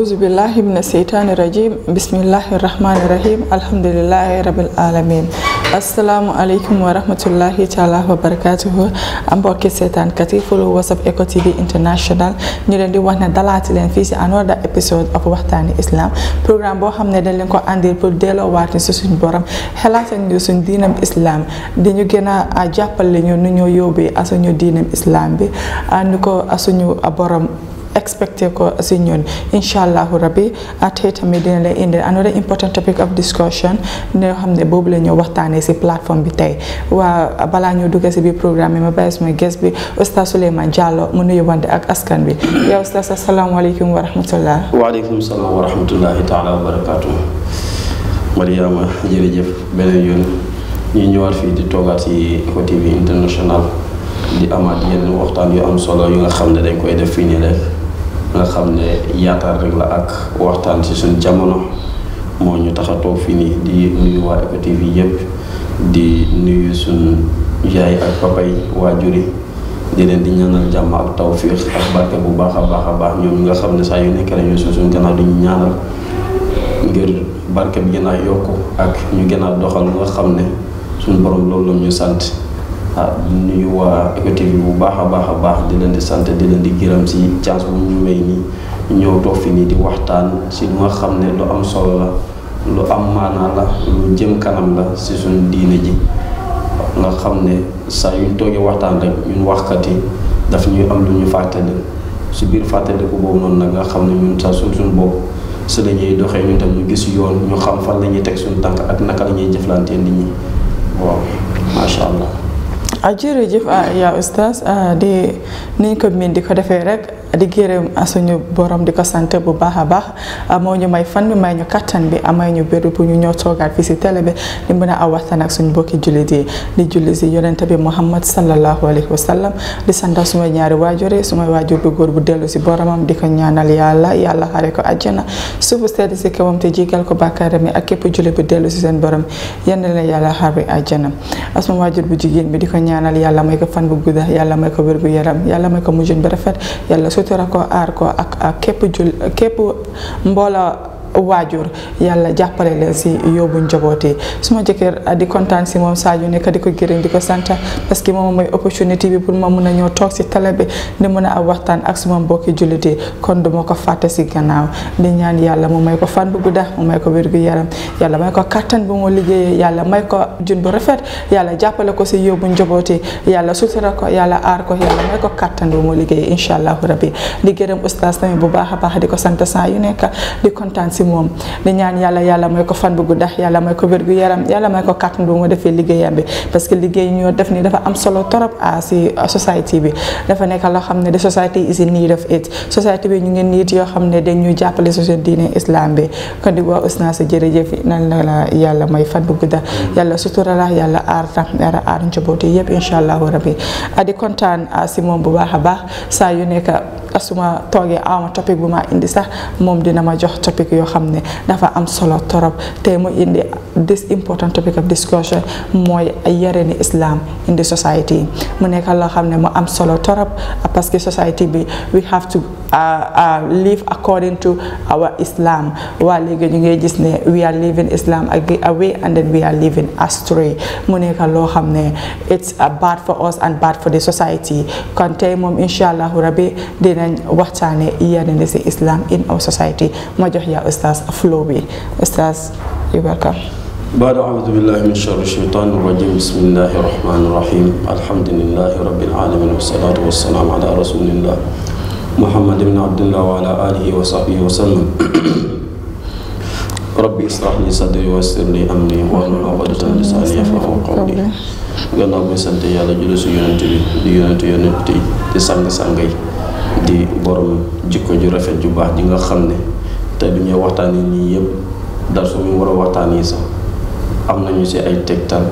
أعوذ بالله من الشيطان الرجيم بسم الله الرحمن الرحيم الحمد لله رب العالمين asalaamaaleykum wa rahmatullahi taala wa barakatuhu am mbokki seetaankat yi follow WhatsApp Eco TV International ñu leen di wax ne dalaati leen fii si another episode of waxtaani islam programme boo xam ne dañ leen ko àndil pour delloowaat ñu si suñ borom xelaat ak ñu suñ diinam islam di ñu gën a jàppale ñu nu ñoo yóbbee asuñu diinam islam bi ànd ko asuñu borom expecté ko si ñun incha allahu rabbi tey tamit dina leen indi another important topic of discussion ne xam ne boobu la ñu waxtaanee si plateforme bi tey waa balaa ñoo dugg si biir programme bi ma bàyyi suma guest bi oustaz Souleymane Diallo mu nuyu wante ak askan bi yow oustaz asalaamaaleykum wa rahmatullah waaleykum salaam wa rahmatullahi taala wa barakatuh Mariama jërëjëf beneen yoon ñu ñëwaat fii di toogaat ci Eco TV di amaat yenn nga xam ne yaataar rek la ak waxtaan ci suñ jamono moo ñu tax a toog fii nii di nuyu waa Eco TV yëpp di nuyu suñ yaay ak papay waajur yi di leen di ñaanal jàmm ak tawfiix ak barke bu baax a baax a baax ñoom nga xam ne saa yu nekk lañu suñ suñ gannaaw di ñu ñaanal ngir barke bi gën a ak ñu gën a doxal nga xam ne suñ borom loolu ñu sant ah di nuyu waa Eco TV bu baax a baax a baax di leen di sant di leen di gërëm si chance bu ñu may nii ñëw toog fi nii di waxtaan si lu nga xam ne lu am solo la lu am maanaa la lu jëm kanam la si suñ diine ji nga xam ne saa yuñ toogee waxtaan rek ñun waxkat yi daf ñuy am lu ñu fàttali si biir fàttaliku boobu noonu nag nga xam ne ñun saa suñ suñ bopp si la ñuy doxee ñun tam ñu gis yoon ñu xam fan la ñuy teg suñu tànk ak naka la ñuy jëflantee nit ñi waaw macha allah ah jërëjëf ah yaa oustaz ah, di niñ ko miin di ko defee rek di gërëm suñu borom di ko sant bu baax a baax ah, moo ñu may fan bi may ñu kattan bi amay ah, ñu béru bu ñu ñoo toogaat fii si télé bi di mën a waxtaan ak suñu bokki jullit yi di julli si yonente bi Muhammad sallallahu alayhi wa sallam di sant suma ñaari waajur yi suma waajur bu góor bu dellu si boromam di ko ñaanal yàlla yàlla xare ko àjjana suufu sedd si kawam te jigal ko bàkkaaram yi ak képp jullit bu dellu si seen borom yenn la yàlla xare àjjana ah, suma waajur bu jigéen bi di ko ñaanal yàlla may ko fan bu gudda yàlla may ko wér gu yaram yàlla may ko mujjun bu rafet yàlla sutura ko aar ko ak képp jul képp mbooloo waajur yàlla jàppale leen si yóbbu njaboot ma suma jëkkër ah, di kontaan si moom saa yu nekk di ko gërëm di ko sant parce que moom mooy opportunité bi pour ma mun a ñëw toog si télé bi di mun a waxtaan ak suma mbokki jullit yi kon duma ko fàtte si gannaaw di ñaan yàlla mu may ko fan bu gudda mu may ko wér gu yaram yàlla may ko kattan bu mu liggéeyee yàlla may ko jun bu rafet yàlla jàppale ko si yóbbu njaboot yi yàlla sutura ko yàlla aar ko yàlla may ko kattan bu mu saa yu nekk di kontaan si moom di ñaan yàlla yàlla may ko fan bu guddax yàlla may ko wér gu defee liggéeyam bi parce que liggéey ñoo def ni dafa am solo torop ah, ah, a si society bi ñu ngi niit yoo xam ne dañuy jàppale su diine islam bi kon di waa usna sa jërëjëf nan la yàlla may fan bu guddax yàlla sutura yàlla aar tam yàlla aar njaboot yi yëpp incha allahu rabbi ah, di kontaan si moom bu baax a baax saa yu nekk asuma toogee awma topic bu ma indi sax moom dina ma jox topic yoo xam ne dafa am solo torop te mu indi this important topic of discussion mooy yereeni islam in the society mu nekk loo xam ne mu am solo torop parce que society bi we have to uh, uh, live according to our islam waa léegi ñu ngi gis ne we are living islam away and then we are living mu nekk loo xam ne it's bad for us and bad for the society kon tey moom incha allahu rabbi dinañ waxtaane yenn si islam in our society ma jox yaa ustaas flow bi ustaas you welcome بعد أعوذ بالله من شر الشيطان الرجيم بسم الله الرحمن الرحيم الحمد لله رب العالمين والصلاة والسلام على رسول الله محمد بن عبد الله وعلى آله وصحبه وسلم ربي اشرح لي صدري ويسر لي أمري واحلل عقدة من لساني يفقهوا قولي gannaaw bi sant yàlla julli si yonent bi di yonent yonent yi di sang sang yi di borom jikko ju rafet ju baax ji nga xam ne te du ñuy waxtaan yi nii yëpp dar suñu war a waxtaan yi sax am na ñu ci ay tegtal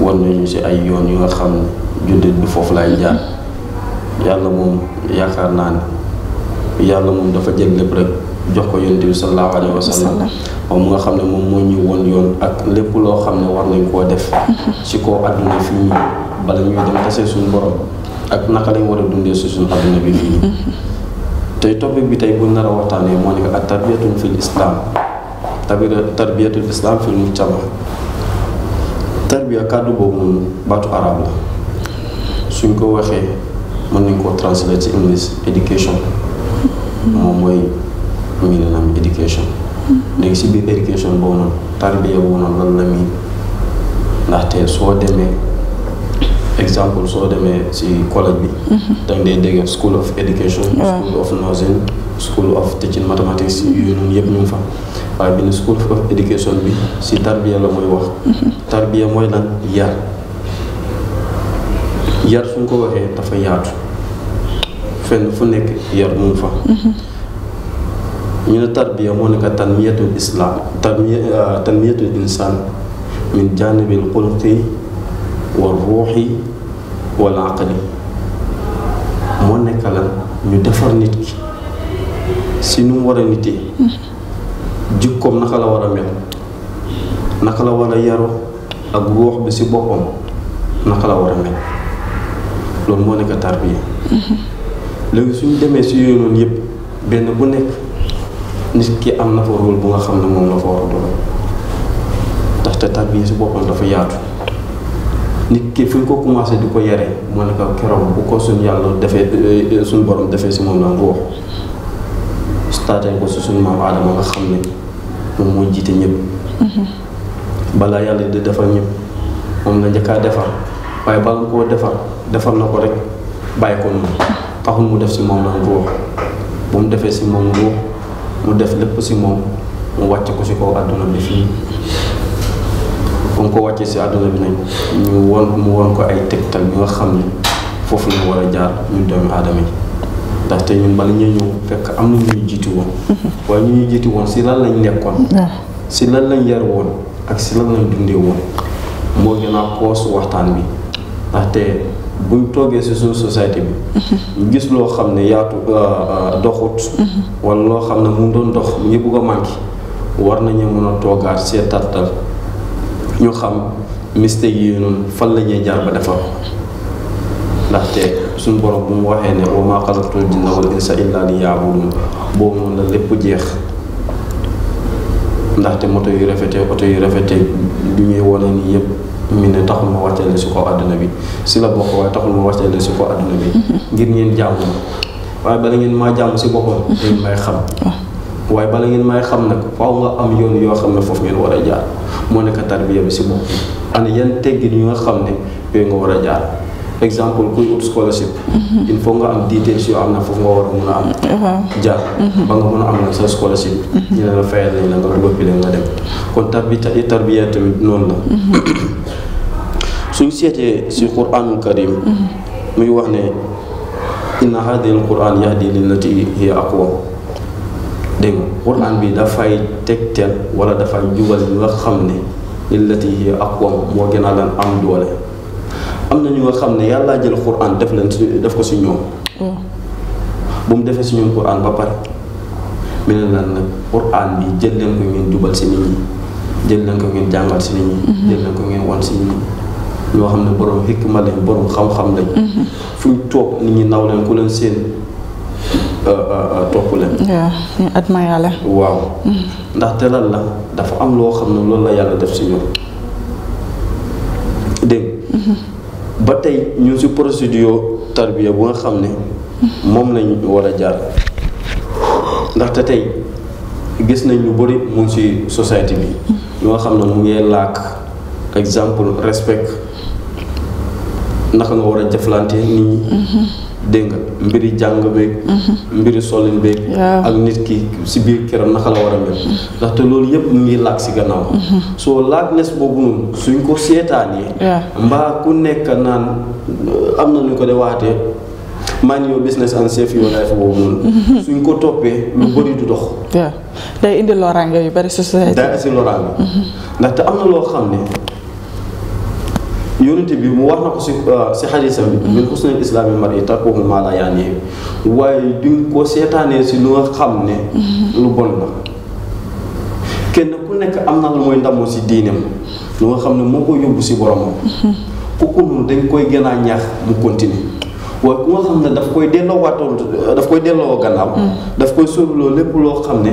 war nañu si ay yoon yu nga xam ne jullit bi foofu lay jaar yàlla moom yaakaar naa ne yàlla moom dafa jël lépp rek jox ko yonent bi sallallahu alayhi mu nga xam ne moom moo ñu woon yoon ak lépp loo xam ne war nañ koo def ci koo àdduna fii ñu bala ñuy dem tasee suñu borom ak naka lañ war a dundee si suñu àdduna bi nii tey topic bi tey bu nar a waxtaanee moo nekk ak tarbiyatul fil islam tarbiyatul islam fil mujtama tarbiya kàddu boobu moom baatu arab la suñ ko waxee mën nañ koo translate ci english education moom mooy millennium education léegi si biir education boobu noonu tarbiya boobu noonu lan la miin ndaxte soo demee exemple soo demee si collège bi. Mhm. da ngay dégg school of education. school of nursing school of teaching mathematics yooyu noonu fa. waaye bi ne school of education bi ci tarbiya la mooy wax. Mhm. tarbiya mooy lan yar yar suñ ko waxee dafa yaatu fenn fu nekk yar mu fa. Mhm. ñu ne tarbiya moo nekk tanmiyatul islam euh, tanmiyatul insaan min jaanibil xulqi wal ruuxi wal aqli moo nekk lan ñu defar nit ki si nu mu war a nitee jikkoom naka la war a mel naka la war a yaru ak ruux bi si boppam naka la war a mel loolu moo nekk tarbiya léegi suñ demee si yooyu noonu yëpp benn bu nekk nit ki am na fa rôle bu nga xam ne moom la fa war a doon ndaxte tarbiya si boppam dafa yaatu nit kii fu ñu ko commencé di ko yare moo nekk keroog bu ko suñu yàlla defee eh, eh, suñu borom defee si moom la ruux ko si suñu maam aadama nga ne moom mooy jiite ñëpp. Mm-hmm. yàlla di defar ñëpp moom la njëkkaa defar waaye bala nga koo defar defar na ko rek bàyyi ko noonu taxul mu def si moom la ruux bu mu defee si moom ruux mu def lépp si moom mu wàcc ko si kaw àdduna bi fii. bu ko wacce ci aduna bi nañ ñu won mu won ko ay tektal yu nga xamni fofu foofu la war jaar ñu doomi aadama yi ndaxte ñun bal ñuy ñew fekk am na ñuy jitu won waaye ñu ñuy jiitu woon si lan lañ nekkon ah. si lan lañ yar won ak si lan lañ dundee woon moo gën a su waxtaan bi bu ñu toggé ci sun society bi ñu gis lo xam yaatu euh, euh, doxut wala lo xam mu doon dox ñi bu ko manki war nañu mëna togaat sétatal ñu xam mistake yi noonu fan la ñuy jaar ba defar ndaxte suñu borom bu mu waxee ne wa maa xalaqtul jinna wal insa illaa liya'buduun boobu moom la lépp jeex ndaxte moto yu rafetee oto yu rafetee bi ñuy wane nii yépp mu ne taxul ma wàccee la si ko àdduna bi si la bokk waaye taxul ma wàccee la si ko àdduna bi ngir ngeen jàmm waaye bala ngeen maa jàmm si boppam ngeen may xam waaye bala ngeen may xam nag faaw nga am yoon yoo xam ne foofu ngeen war a jaar mo nek tarbiya bi ci mo ana yan teggini nga xamne be nga wara jaar exemple kuy out scholarship mhm. il faut nga am details yoo am na nga wara mëna am jaar mhm. ba nga mëna am sa scholarship mhm. ñu la fayal nañ la nga loppi nga dem kon tarbi tarbiya tamit non la suñu sété ci qur'an karim muy wax ne inna hadi alquran yahdi lillati hiya aqwam dégg nga quran bi dafay tegteel wala dafay jubal ñi nga xam ne illati ak aqwam moo gën a lan am doole am na ñu nga xam ne yàllaa jël quran def leen su def ko si ñoom mm. bu mu defee si ñoom quran ba pare mu ne lan nag quran bi jël leen ko ngeen jubal si nit ñi jël leen ko ngeen jàngal si nit ñi mm-hmm. jël leen ko ngeen wan si nit ñi ñoo xam ne borom ma lañ borom xam-xam lañ mm-hmm. fu ñu toog nit ñi naw leen ku leen seen Euh, euh, euh, topp leen. waaw ñu admire mm. la. waaw ndax teral la dafa am loo xam ne loolu la yàlla def si ñoom dégg mm-hmm. ba tey ñu si procédure tarbiya bu nga xam ne moom lañ war a jaar ndaxte tey gis nañ lu bëri mu ci si société bi lu nga xam ne mu ngee laak exemple respect naka nga war a jëflante nit ñi mm-hmm. dégg nga mbiri jàng beeg. Mhm. mbiri solin beeg. ak nit ki si biir këram naka la war a mel. Mhm. ndaxte loolu yëpp mu ngi laag si gannaaw. Mhm. soo laagnes boobu noonu suñ ko seetaanee. mbaa ku nekk naan euh, am na ñu ko de waatee man your business and save your life boobu noonu. suñ ko toppee lu bëri du dox. day indi loraange yu bëri si day indi loraange. ndaxte am na loo xam ne. yonente bi mu wax na ko uh, si si xadisam bi min xusnal islaami mar yi tarkuhu maa mala yaanihi waaye di ko seetaanee si lu nga xam ne lu bon na kenn ku nekk am na la mooy ndamoo si diinam lu nga xam ne moo ko yóbbu si boromam ku ko noonu dañ koy gën a ñaax mu continuer waaye ku nga xam ne daf koy delloo waatoon daf koy delloo gannaaw mm. daf koy sóobloo lépp loo xam ne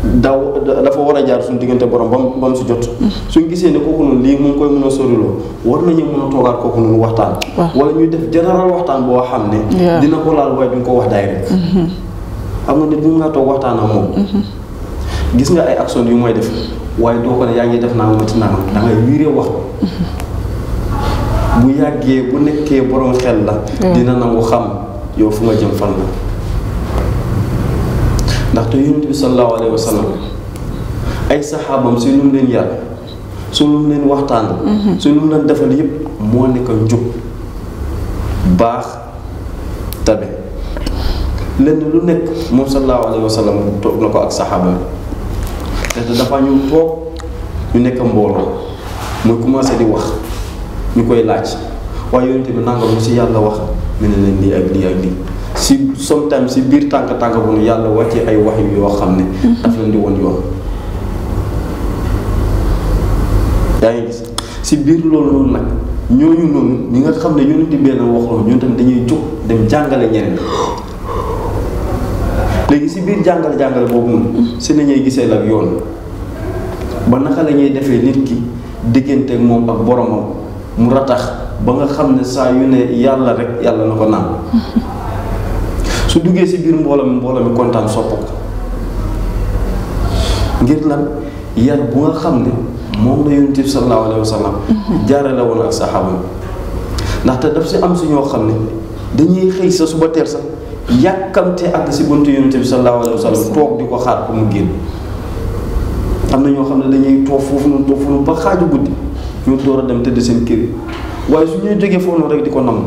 daaw dafa war a jaar suñu diggante borom bam ba mu si jot suñ gisee ne kooku noonu lii mu ngi koy mën a soriloo war nañu mën a toogaat kooku noonu waxtaan wala ñuy def général waxtaan boo xam ne dina ko laal waaye duñ ko wax daay rek xam mm-hmm. nga nit bu ngaa toog waxtaan ak moom mm-hmm. gis nga ay action yu mooy def waaye doo ko ne yaa ngi def naa mati naa da ngay wiiree wax mm-hmm. bu yàggee bu nekkee borom xel la dina nangu xam yow fu nga jëm fan la ndaxte yonent bi sallallahu alayhi wa sallam ay saxaabam si lu mu leen yar su lu mu leen waxtaan mhm. su lu mu leen defal yëpp moo nekk njub baax tabe lenn lu nekk moom sallallahu alayhi wa toog na ko ak saxaaba bi te dafa ñu toog ñu nekk mbooloo muy commencé di wax ñu koy laaj waaye yonent bi nangam lu si yàlla wax mu ne leen lii ak lii ak lii si sometimes si bir tank tank bu ñu yalla wacce ay wax yoo xam mhm. daf leen di won yoon si bir loolu noonu nag ñooñu ñi nga xamne ñu nit di wax loolu ñu tam dañuy jóg dem jangale ñeneen legi si bir jangal jangal boobu noonu mhm. si la gisee lak yoon ba naka la defé nit ki ak mom ak boromam mu ratax ba nga xamne sa yu ne yalla rek yalla nako nam su duggee si biir mbooloo mi mbooloo kontaan sopp ko ngir lan yar bu xam ne moom la yonent bi sallallahu alayhi wa sallam jaarale woon ak saxaaba ndaxte daf si am si ñoo xam ne dañuy xëy sa suba teel sax yàkkamte ak si buntu yonent bi sallallahu alayhi wa sallam toog di ko xaar ko mu génn am na xam ne dañuy toog foofu noonu toog foofu noonu xaaju guddi ñu door a dem tëdd seen kër waaye su ñuy jógee foofu noonu rek di ko nam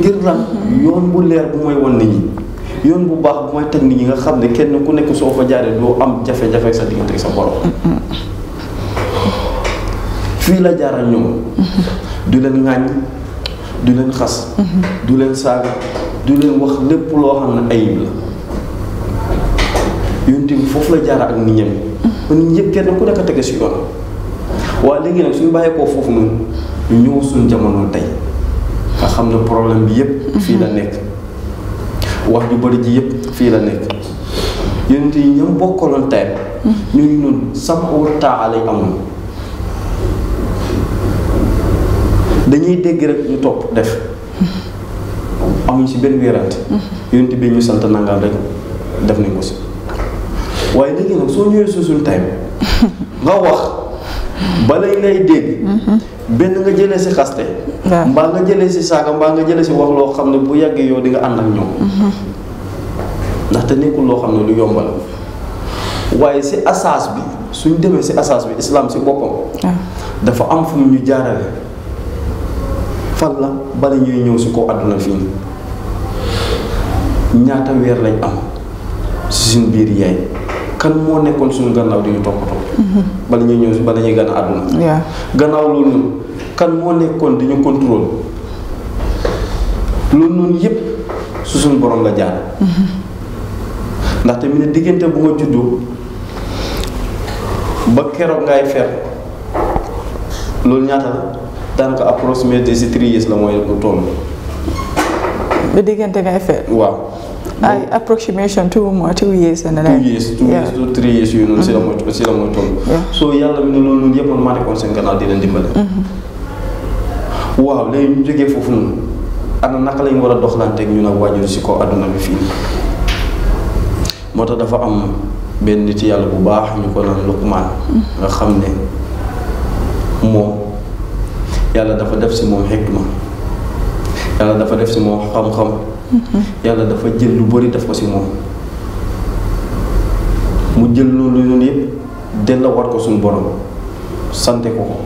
ngir lan yoon bu leer bu mooy wan nit ñi yoon bu baax bu may teg nit ñi nga xam ne kenn ku nekk soo fa jaaree doo am jafe-jafe sa diggante sa borom. fii la jaar ak ñoom. du leen ŋàññ du leen xas. du leen saaga du leen wax lépp loo xam ne ayib la yoon tamit foofu la jaar ak nit ñam kon nit ñëpp kenn ku nekk a si yoon. waaye léegi nag suñu bàyyeekoo foofu noonu ñu ñëw suñu jamono tey nga xam ne problème bi yépp fii la nekk. wax ju bëri ji yëpp fii la nekk yonent yi ñoom bokkaloon tey ñu ngi noonu sàmm taa lay amoon dañuy dégg rek ñu topp def amuñ ci benn wérante yonent bi ñu sant nangal rek def nañ ko si waaye léegi nag soo ñëwee suusuñ tey nga wax balañ lay dégg. Mm-hmm. benn nga jëlee si xaste. mbaa nga jëlee si saaka mbaa nga jëlee si wax loo xam ne bu yàggee yoo di nga ànd ak ñoom. Mm-hmm. ndaxte nekkul loo xam ne lu yomb la waaye si asaas bi suñ demee si asaas bi islam si boppam. dafa am fu ñu jaarale. fan la bala ñuy ñëw si kaw àdduna fii ñaata weer lañ am si suñ biir yaay. kan mo nekkon suñu gannaaw di ñu top bala ñuy ñëw bala ñuy gën a àdduna gannaaw loolu noonu kan mo nekkon di ñu contrôle loolu ñun yépp su suñu borom la jaar ndax té mëna digënté bu nga juddu ba kéro ngay fër loolu ñaata la tank approximer des 3 years la moy ko tollu ba digënté ngay fër waaw I approximation two more two years and then two years two years two three years you know si la mooy la so yàlla mi ne loolu noonu yëpp maa nekkoon seen gannaaw di leen dimbale waaw léegi ñu jógee foofu noonu ana naka lañ war a ñu nag waajur si kaw àdduna bi fii moo dafa am benn nit yàlla bu baax ñu ko naan Luqmaan nga xam ne moom dafa def ci hikma yalla dafa def ci xam-xam yàlla dafa jël lu bari def ko si moom mu jël loolu noonu yëpp della war ko suñu borom sante ko ko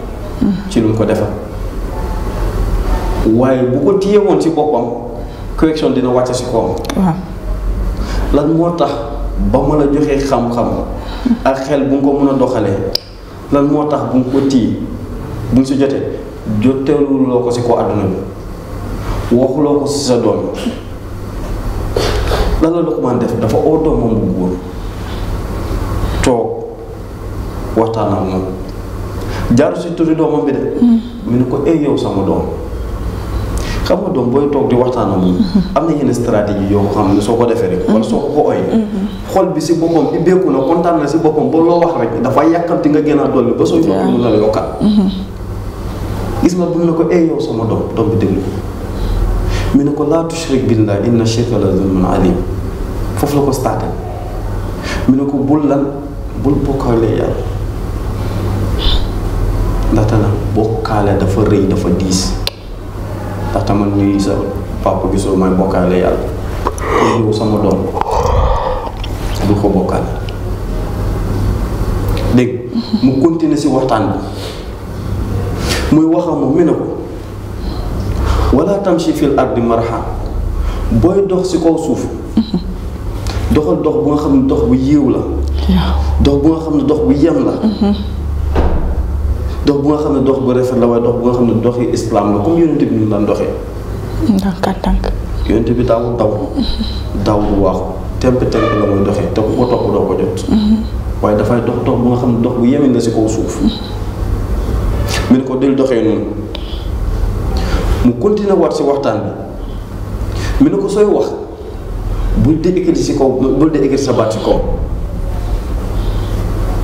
ci lu mu ko defal waaye bu ko téye woon ci boppam correction dina wàcce ci kawam lan moo tax ba ma la joxee xam-xam ak xel bu nga ko mën a doxalee lan moo tax bu nga ko téye bu nga si jotee joteeluloo ko ci ko àdduna bi waxuloo ko ci sa doom lan la Luqmaan def dafa oo doomam bu góor toog waxtaan ak moom jaaru si turi doomam bi de hmm. mu ne ko eey eh, yow sama doom xam nga doom booy toog di waxtaan moom hmm. am na yenn stratégie yoo ko xam ne soo ko defee rek wala soo ko ko hmm. xol bi si boppam bi béeku na kontaan na si boppam ba loo wax rek dafa yàkkamti nga gën a dolli ba soo jox mun na bu ne ko eey eh, yow sama doom doom bi déglu ko mu ne ko laa tushrik billah inna shirka la zulmun alim foofu la ko staté mu ne ko bul lan bul bokkaalee yàlla ndaxte la bokkaale dafa rëy dafa diis ndaxte man nii sa papa gisoo may bokkaale yàlla kon yow sama doom bul ko bokkaale dégg mu continuer ci waxtaan bi muy waxam mu ne ko wala tamshi fil ardi marha booy dox ci kaw suuf doxal dox bu nga xam ne dox bu yiw la dox bu xam ne dox bu yem la mm-hmm. dox bu nga xam ne dox bu rafet la waaye dox bu nga xam ne doxi islam la comme yonent bi ñu daan doxee ndànk ndànk yonent bi daawul daw mm-hmm. daawul waaxu temp temp la mooy doxee te ku ko topp doo ko jot mm-hmm. waaye dafay dox dox bu nga xam ne dox bu yemin la ci kaw suuf mu ne ko del doxee noonu mu continué waat si waxtaan bi mu ne ko sooy wax bul dee ekkati si kaw bul dee ekkati sa baat si kaw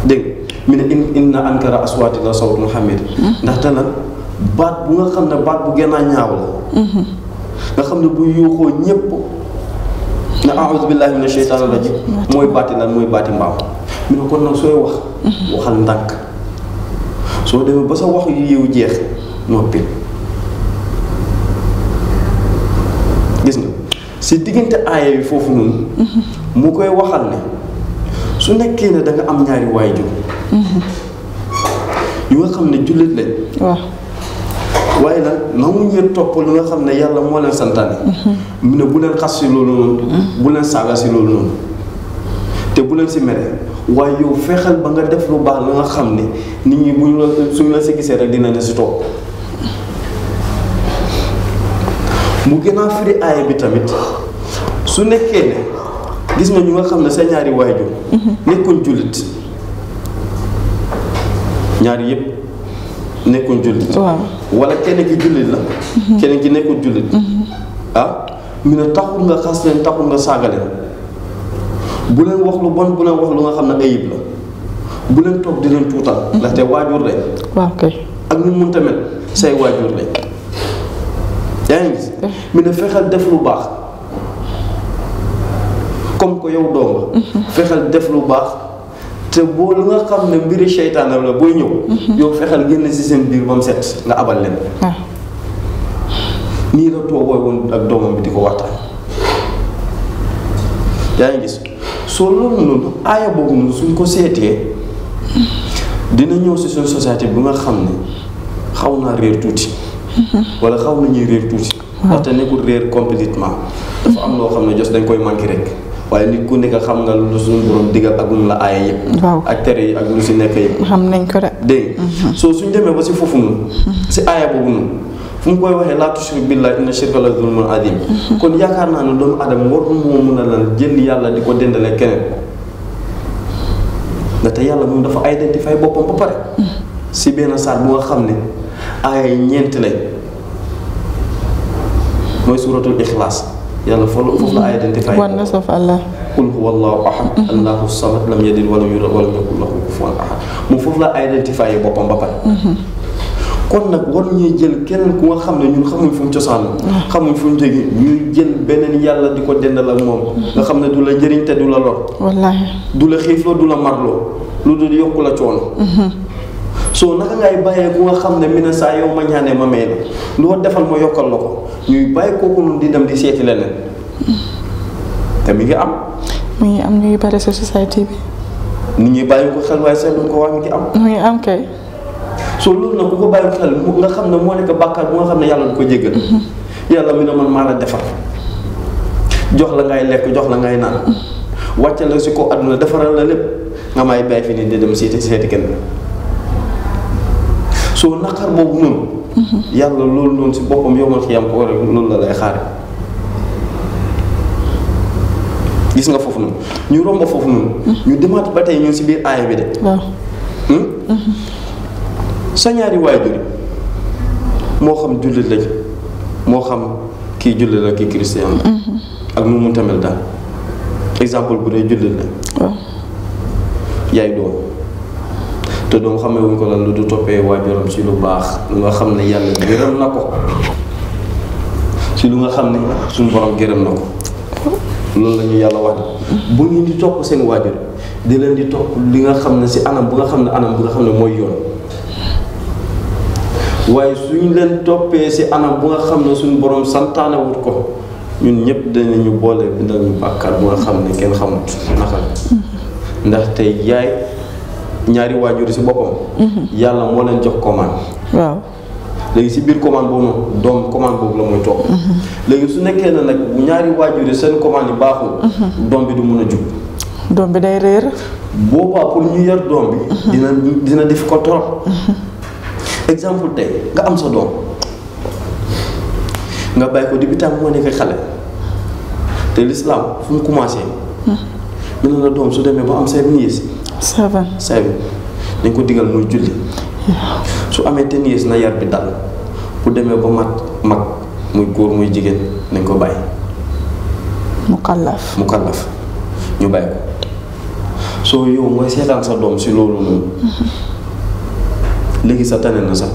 dégg mu ne inna ankara aswaati la sawtu Muhammad ndaxte nag baat bu nga xam ne baat bu gën ñaaw la nga xam ne bu yuuxoo ñépp na aoudu billahi mina sheytaani rajim mooy baati lan mooy baati mbaaw mu ne kon nag sooy wax waxal ndànk soo demee ba sa wax yu yiw jeex noppi si diggante aaya yi foofu noonu. mu koy waxal ne su nekkee ne da am ñaari waajur. yu nga xam ne jullit lañ. waaw waaye nag nanguñu topp lu nga xam ne yàlla moo leen santaane. mu ne bu leen xas si loolu noonu. bu leen saaga si loolu noonu. te bu leen si mere waaye yow fexeel ba nga def lu baax la nga xam ne nit ñi bu ñu la suñu la si gisee rek dina ne si topp. mu gën a firi aaya bi tamit su nekkee ne gis nga ñu nga xam ne sa ñaari waajur mhm. nekkuñ jullit ñaari yëpp nekkuñ jullit wala kenn ki jullit la mhm. kenn ki nekkul jullit mhm. ah mu ne taxul nga xas leen taxul nga saaga leen bu leen wax lu bon bu leen wax lu nga xam ne ayib la bu leen toog di leen tuutal ndaxte waajur lañ waaw kay ak ñu mënta mel say waajur lañ yaa ngi gis mi ne fexeel def lu baax comme que yow doom la fexeel def lu baax te boo nga xam ne mbiri seytaanam la booy ñëw yow fexeel génn si seen biir ba mu set nga abal leen nii la toogoo woon ak doomam bi di ko waxtaan yaa ngi gis soo loolu noonu aaya boobu suñ ko seetee dina ñëw si suñ société bi nga xam ne xaw naa réer tuuti wala xaw nañuy réer tuuti. waaw te nekkul réer complètement. dafa am loo xam ne jos dañ koy manqué rek. waaye nit ku nekk xam nga lu suñu borom digal ak lu la aaye yëpp. yi ak lu si nekk xam nañ ko de. dégg mhm. soo suñu ba si foofu noonu. Mhm. si aaya mu koy waxee laa tushrik billahi inna shirka la zulmun mhm. yaakaar naa ne doomu aadama war mun a lan jël yàlla di ko dendale keneen. ndaxte yàlla moom dafa identifier boppam ba pare. si benn saar bu nga xam ne. aaya ñeenti lañ mooy suuratul ixlaas yàlla foofu la aaya identifié wan na soof allah qul huwa allahu ahad mm-hmm. allahu samad lam yalid walam yulad walam yakun lahu kufuwan ahad moom foofu la identifié boppam ba pare mm-hmm. kon nag war ñuy jël keneen ku nga xam ne ñu xamuñ fu mu cosaan mm-hmm. xamuñ fu mu jóge ñuy jël beneen yàlla di ko dendal ak moom nga xam ne du la jëriñ te du la lor du la xiifloo du la marloo lu dul yokku la coono soo naka ngay bàyyee ku nga xam ne mi ne saa yow ma ñaanee ma may la loo defal ma yokkal la ko ñuy bàyyi kooku noonu di dem di seeti leneen te mi ngi am. mi ngi am ñu ngi bari si société bi. nit ñi bàyyi ko xel waaye ko wax mi ngi am. mi ngi am kay. ku ko bàyyi xel mu nga xam ne moo nekk bàkkaar bu nga xam ne yàlla du ko jéggal. Mhm. yàlla mi ne man maa la defar jox la ngay lekk jox la ngay naan. Mhm. wàcce la si ko àdduna defaral la lépp nga may bàyyi fi nii di dem seeti seeti kenn. soo naqar boobu noonu. Mm-hmm. yàlla loolu noonu si boppam yow ma xiyam rek loolu la lay xaar gis nga foofu noonu ñu romb foofu noonu. Mm-hmm. ñu demaat ba tey ñun si biir aaya bi de. waaw. Hmm? Mm-hmm. sa ñaari waajur moo xam jullit lañ moo xam kii jullit la kii christian la. ak nu mu tamel daal exemple bu dee jullit la. yaay doom. te xam xamee wuñ ko lan lu du toppee waajuram si lu baax lu nga xam ne yàlla gërëm na ko ci lu nga xam ne suñu borom gërëm na ko loolu la ñu yàlla wax bu ñu di topp seen waajur di leen di topp li nga xam ne si anam bu nga xam ne anam bu nga xam ne mooy yoon waaye suñu leen toppee si anam bu nga xam ne suñu borom santaane wut ko ñun ñëpp danañu boole bindal ñu bàkkaar bu nga xam ne kenn xamut naka ndax tey yaay. ñaari waajur si boppam. Mhm. yàlla moo leen jox commande. waaw léegi si biir commande boobu noonu doom commande boobu la mooy topp. Mhm. léegi su nekkee na nag ñaari waajur yi seen commande yi baaxul. Mhm. doom bi du mun a jub. doom bi day réer. boobaa pour ñu yar doom bi. dina dina def ko trop. exemple tey nga am sa doom nga bàyyi ko depuis temps moo nekk xale te lislaam fu mu commencé. ñu ne la doom su demee ba am seen niis seven seven dañ ko digal muy julli su amee ten years na yar bi dal bu demee ba mat mag muy góor muy jigéen dañ ko bàyyi mu kàllaaf mu kàllaaf ñu bàyyi ko soo yow mooy seetaan sa doom si loolu noonu mm-hmm. léegi sa tane na sax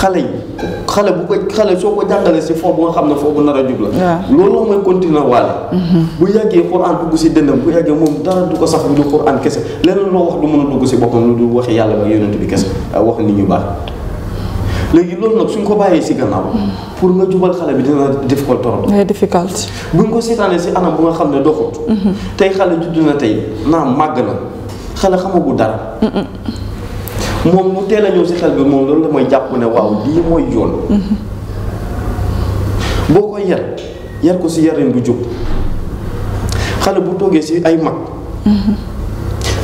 xale yi xale bu ko xale soo ko jàngalee si foofu nga xam ne foofu nar a jub la loolu mooy continuer waale mhm. bu yàggee xuraan dugg si dëndam bu yàggee moom dara du ko sax bu du xuraan kese leneen loo wax du mën a dugg si boppam lu du waxi yàlla ba yonent bi kese wax nit ñu baax léegi loolu nag suñ ko bàyyee si gannaaw mhm. pour nga jubal xale bi dina difficult torop difficult buñ ko seetaanee si anam bu nga xam ne doxut mhm. tey xale judd na tey naam màgg na xale xamagu dara moom mu teel a ñëw si xel bi moom loolu la mooy jàpp ne waaw bii mooy yoon. boo koy yar yar ko si yarin bu jub xale bu toogee si ay mag.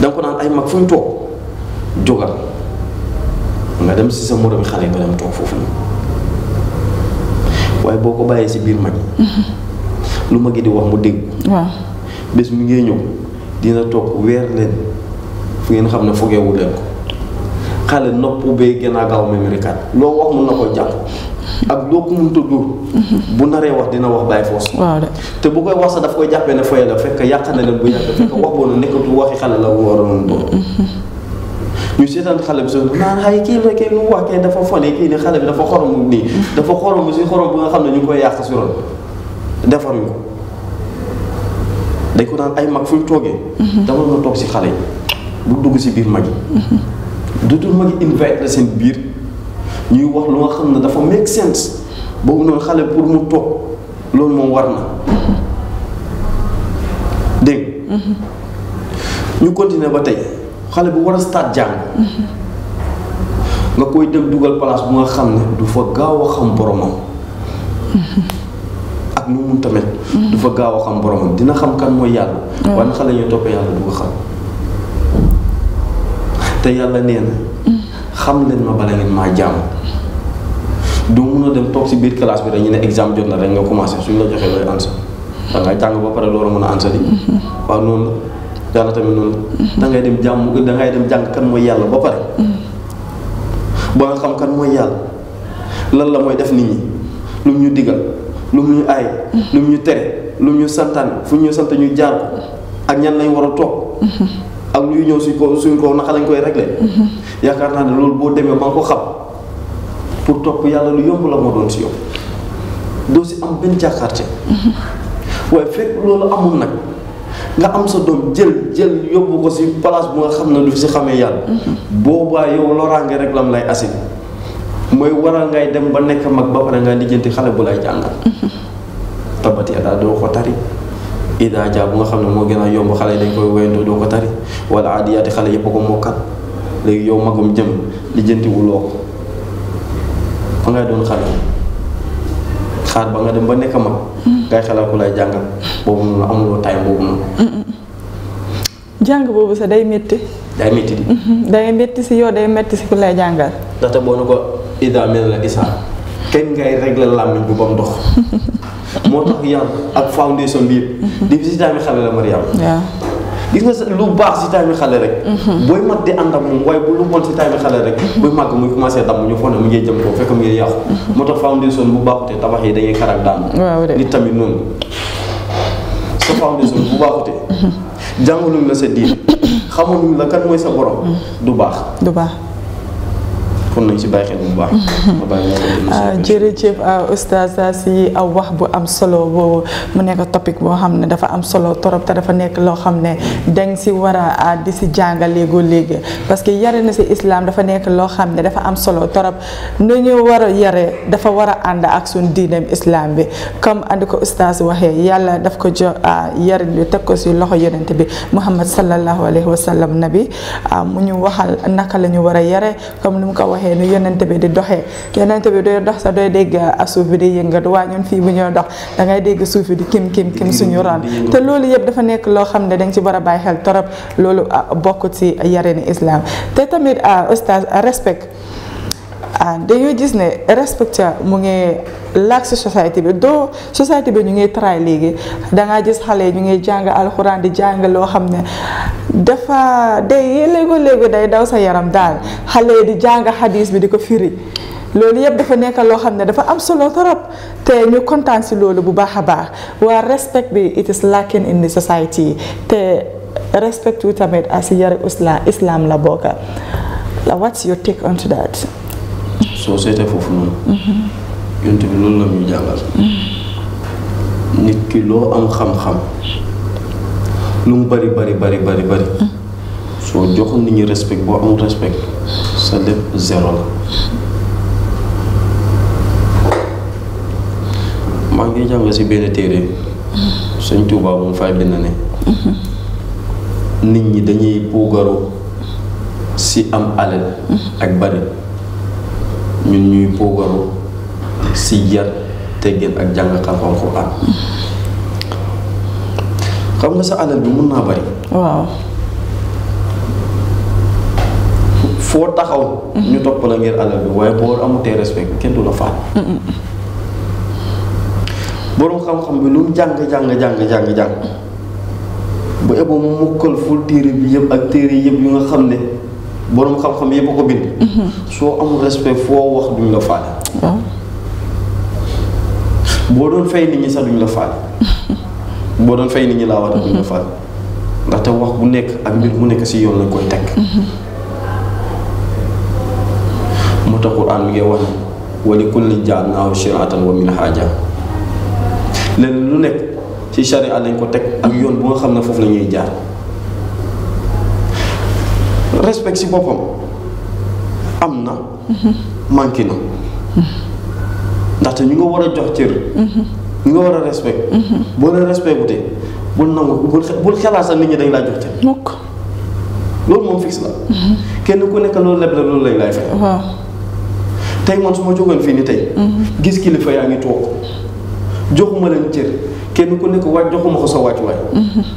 danga ko naan ay mag fu ñu toog jógal nga dem si sa moromi xale nga dem toog foofu nii waaye boo ko bàyyee si biir mag. lu ma gi di wax mu dégg. waaw bés mi ngay ñëw dina toog weer leen fu ngeen xam ne fogeewu leen ko. xale nopp bee gën a gaaw mémoire card loo wax mun na ko jàpp ak loo ko mun dóor bu naree wax dina wax bàyyi foos te bu koy wax sax daf koy jàppee ne foye la fekk yàq na leen bu yàgg fekk wax boobu nekkatul waxi xale ñu seetaan xale so naan xay kii la dafa fone xale bi dafa xorom nii dafa xorom si xorom bu nga xam ne ñu ngi koy yàq si ron defaruñ ko dañ ko daan ay mag fuñ toogee dama ma toog si xale yi bu dugg si biir mag yi dootul ma ngi invite la seen biir ñuy wax lu nga xam ne dafa make sense boobu noonu xale pour mu toog loolu moom war na dégg ñu continuer ba tey xale bu war a start jàng nga koy dem dugal place bu nga xam ne du fa gaaw a xam boromam ak nu mun tamit du fa gaaw a xam boromam dina xam kan mooy yàlla waaye mm. xale ñu topp yàlla du ko xam te yalla neena xam leen ma bala ngeen maa jàmm du mëna dem tok ci biir classe bi rek ñu exam jot na rek nga commencé suñu la joxee looy ansa da ngay tang ba paré loolu mëna a ansa di wa non la yàlla tamit noonu da ngay dem jam da ngay dem jang kan moy yalla ba paré bo nga xam kan moy yalla lan la moy def nit ñi lu ñu digal lu ñu ay lu ñu téré lu ñu santane fu ñu sant ñu jaar ak ñan lañ wara tok ak ñuy ñëw ci ko suñ ko naka lañ koy régler mhm. yaakar na ne lool bo démé ba ko xam pour top yalla lu yomb la mo doon ci yow do ci am benn jàkkaarte mhm. way fek lool amul nak nga am sa doom jël jël yóbbu ko si place bu nga xam lu ci xamé yalla mhm. bo ba yow loraange rek lam lay asin moy waral ngay dem ba nek mag ba pare nga lijeenti xalé bu lay jangal tabati yàlla do ko tari ida ja bu nga xam ne moo gën a yomb xale yi dañ koy wéyandoo doo ko tari wala aadiyaati xale yëpp a ko mokkal léegi yow magum jëm lijjanti wuloo ko fa ngay doon xale xaar ba nga dem ba nekk mag hmm. ngay xelal ku lay jàngal boobu noonu amuloo taay boobu noonu hmm, hmm. jàng boobu sax day métti day métti di day métti si yow day métti si ku lay jàngal ndaxte boo ne ko ida mel la isaa kenn ngay régler làmmiñ bu ba dox moo tax yar ak foundation bi yëpp. Mhm. di si taami xale la Mariam. gis nga lu baax si taami xale rek. Mhm. booy mag di ànd ak moom waaye bu lu bon si taami xale rek. Mhm. booy màgg muy commencé mu ñu foog ne mu ngi jëm kaw fekk mu ngi yàqu. moo tax foundation bu baaxutee tabax yi dañuy xarak daan. waaw nit tamit noonu. sa foundation bu baaxutee. jàngaluñ la sa diin xamaluñ la kan mooy sa borom. du baax du baax. pour nañ ci bàyyi xel bu baax. Ah, jërëjëf ah, oustaz si aw ah, wax bu am solo mu nekk topic boo xam ne dafa am solo torop te dafa nekk loo xam ne dang si war a di si jàngal léegoo léegi parce que yare na si islam dafa nekk loo xam ne dafa am solo torop na ñu war a yare dafa war a ànd ak suñ diineem islam bi comme indi ko oustaz waxee yàlla daf ko jox yare bi teg ko si loxo yenent bi Muhammad sallallahu alayhi wa sallam nabi mu ñu waxal naka la war a yare comme ni mu ko waxee doxee nu yonente bi di doxee yonente bi doy dox sax doy dégg suuf bi di yëngatu waa ñun fii bu ñoo dox da ngay dégg suuf bi di kim kim kim suñu ron te loolu yëpp dafa nekk loo xam ne dañ ci war a bàyyi xel torop loolu ah, bokk ci yareeni islam te tamit ah, oustaz respect ah dañoo gis ne respecté mu ngi laaj si société bi doo société bi ñu ngi try léegi dangaa gis xale yi ñu ngi jàng alxuraan di jàng loo xam ne dafa day léego léego day daw sa yaram daal xale di jàng xadis bi di ko firi loolu yëpp dafa nekk loo xam ne dafa am solo trop te ñu kontaan si loolu bu baax a baax waa respect bi it is lacking in the society te respect wu tamit asi yari islam la bokka what's your take on to that soo seetee foofu noonu mm-hmm. yont bi loolu la ñuy jàngal mm-hmm. nit ki loo am xam-xam lu mu bari bari bari bari mm-hmm. soo joxul nit ñi respect boo amul respect sa lépp zéro la maa ngi jàng si benn téere sëñ Tuubaa moom fay bind ne nit ñi dañuy puugaru si am alal ak bari ñun ñuy pogaru si yar teggeen ak jang xalxal alquran xam nga sa alal bi mën na bari waaw fo taxaw ñu mm-hmm. top la ngir alal bi bo amu té respect kenn dula la faat borom xam-xam bi lu jang jang jang jang jang bu ebo mu mukkal ful téere bi yëpp ak téere yëpp yu nga xam borom xam-xam yëpp ko bind. Mhm. soo amul respect foo wax duñ la faale. boo doon fay nit ñi sax duñ la faale. Mhm. boo doon fay nit ñi laa war a duñ la faale. Mhm. ndaxte wax bu nekk ak mbir mu nekk si yoon lañ koy teg. moo tax Quraan mi ngi wax ni wa li kullin ja'alnaa shir'atan wa minhaaja lenn lu nekk ci sharia lañ ko teg ak yoon bu nga xam ne foofu lañuy ñuy jaar. respect si boppam am na manqué na ndaxte ñu nga war a jox cër ñu nga war a respect boo leen respect bu tee bul nangu bul xalaat sax nit ñi dañ laa jox cër mukk loolu moom fixe la kenn ku nekk loolu leb la loolu lañ lay fay waaw tey man su jógoon fii ni tey mhm. gis kilifa yaa ngi toog joxuma leen cër kenn ko nekk waaj joxuma ko sa wàccuwaay.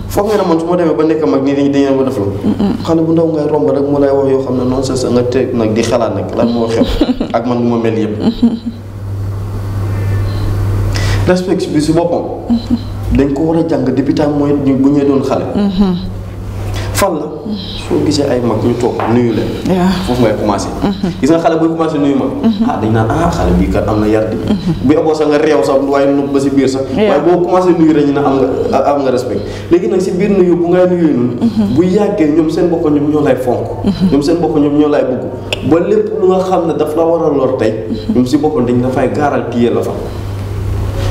foog nga ne man su ma demee ba nekk mag nii dañuy dañoo ma def la. xale bu ndaw ngay romb rek mu lay wax yoo xam ne non c'est ça nga teg nag di xalaat nag lan moo xew ak man lu ma mel yëpp. respect bi si boppam. dañ ko war a jàng depuis temps mooy bu ñuy doon xale. fan la soo gisee ay mag ñu toog nuyu leen foofu ngay commencé mm-hmm. gis nga xale buy commencé nuyu mag mm-hmm. ah dañ naan ah xale bii kat am na yar di mm-hmm. bu eboo sax nga réew sax waaye nu ba si biir sax waaye boo commencé nuyu rek ñu ne am nga am nga respect léegi nag si biir nuyu bu ngay nuyu noonu bu ñoom seen bopp ñoom ñoo lay fonk ñoom seen bopp ñoom ñoo lay bëgg ba lépp lu nga xam ne daf la war a lor tey ñoom si boppam dañ dafay gaaral téye la fa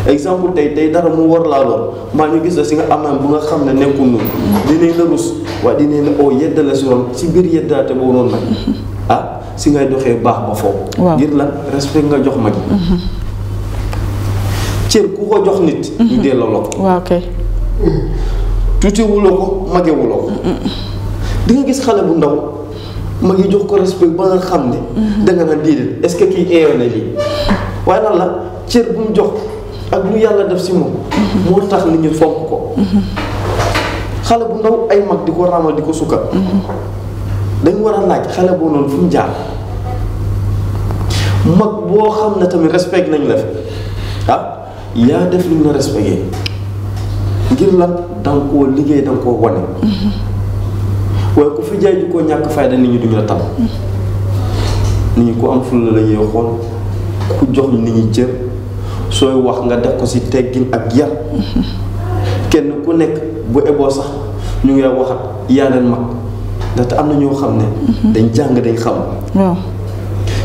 exemple tay tay dara mu wor la lo ma ñu gis la si nga bu nga xamne ne nekkul noonu dinañ la rus wa dinañ la oo yedd la ci bir bo non nak ah si ngay doxé bax ba fo ngir lan respect nga jox ma mhm. ci ciir ku ko jox nit ñu mhm. lo wa ko tuti wu lo ko wu lo mhm. di nga gis xalé bu ndaw ma ngi jox ko respect ba nga xamne da nga na est ce que ki li la ciir bu mu jox ak lu yàlla def si moom moo tax nit ñi fonk ko xale bu ndaw ay mag di ko ràmmal di ko sukkal dañ war a laaj xale boo noonu fu mu jaar mag boo xam ne tamit respect nañ la fi ah, yaa def lu ñu la respecté ngir lan danga koo liggéey danga koo wane waaye ku fi jaay ju koo ñàkk fayda nit ñi duñu la tam nit ñi ku am fulla la ñuy ku jox nit ñi cër sooy wax nga def ko ci teggin ak yar kenn ku nekk bu eboo sax ñu ngi waxat yaa leen mag ndaxte am na ñoo xam ne mhm. dañ jàng dañ xam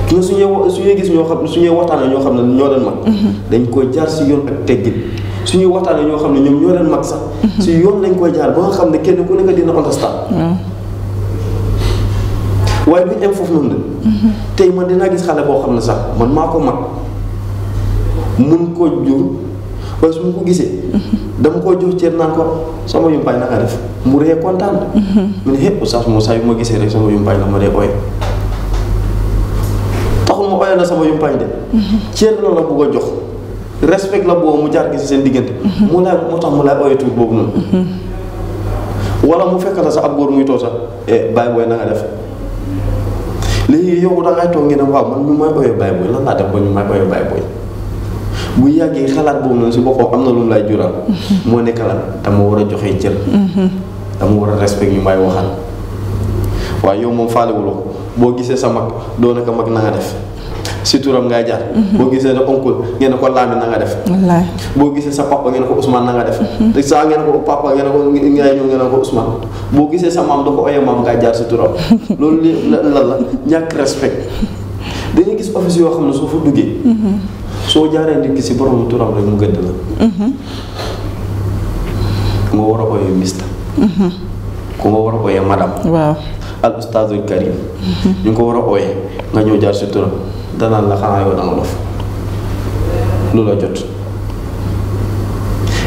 ki nga suñuy suñuy ñoo xam suñuy waxtaanee ñoo xam ne ñoo leen mag mhm. dañ koy jaar ci yoon ak teggin suñuy waxtaanee ñoo xam ne ñoom ñoo leen mag sax mhm. ci yoon lañ koy jaar ba nga xam ne kenn ku nekk dina understand waaye bi ñu am foofu noonu tey man dinaa gis xale boo xam ne sax man maa ko mag mun koo jur ba su ma ko gisee. Mm-hmm. dama koo jox cër naan ko sama yumpaay naka def mu ree kontaan. Mm-hmm. mu ne xëpp sax moom saa yu ma gisee rek sama yumpaay la ma dee ooy. taxul ma ooyal la sama yumpaay de. Mm-hmm. cër la la bugg a jox respect la boobu mu jaar gi seen diggante. mu laay moo tax mu laay ooyee tur boobu noonu. wala mu fekk la sax ab góor muy toog sax eh bàyyi booy na nga def. léegi yow da ngay toog ngeen ne waaw man ñu may ooyee bàyyi booy lan laa def ba ñu may ooyee bàyyi bu yagge xalat boobu non ci boppam amna lu lay jural mm-hmm. mo nekk lan dama wara joxe jël dama wara respect ñu may waxal wa yow wu lo bo gisee sa mak do naka mak na nga def ci turam nga jaar mm-hmm. bo gisee da onkul ngeen ko lami na nga def wallahi bo sa papa ngeen ko Ousmane na nga def mm-hmm. te sa ngeen ko papa ngeen ko ngay ñu ngeen ko Ousmane bo gisee sa mam da ko oye mam nga jaar ci turam loolu la la ñak respect dañuy gis office yo xamna so fu duggé soo jaaree nit ki si borom turam rek mu gëdd la. Mhm. ku nga war a ooyee mista. Mhm. ku nga war a ooyee madame. waaw al karim. Mhm. ñu ko war a ooyee nga ñëw jaar si turam danaan la xanaa yow dama dof lu la jot.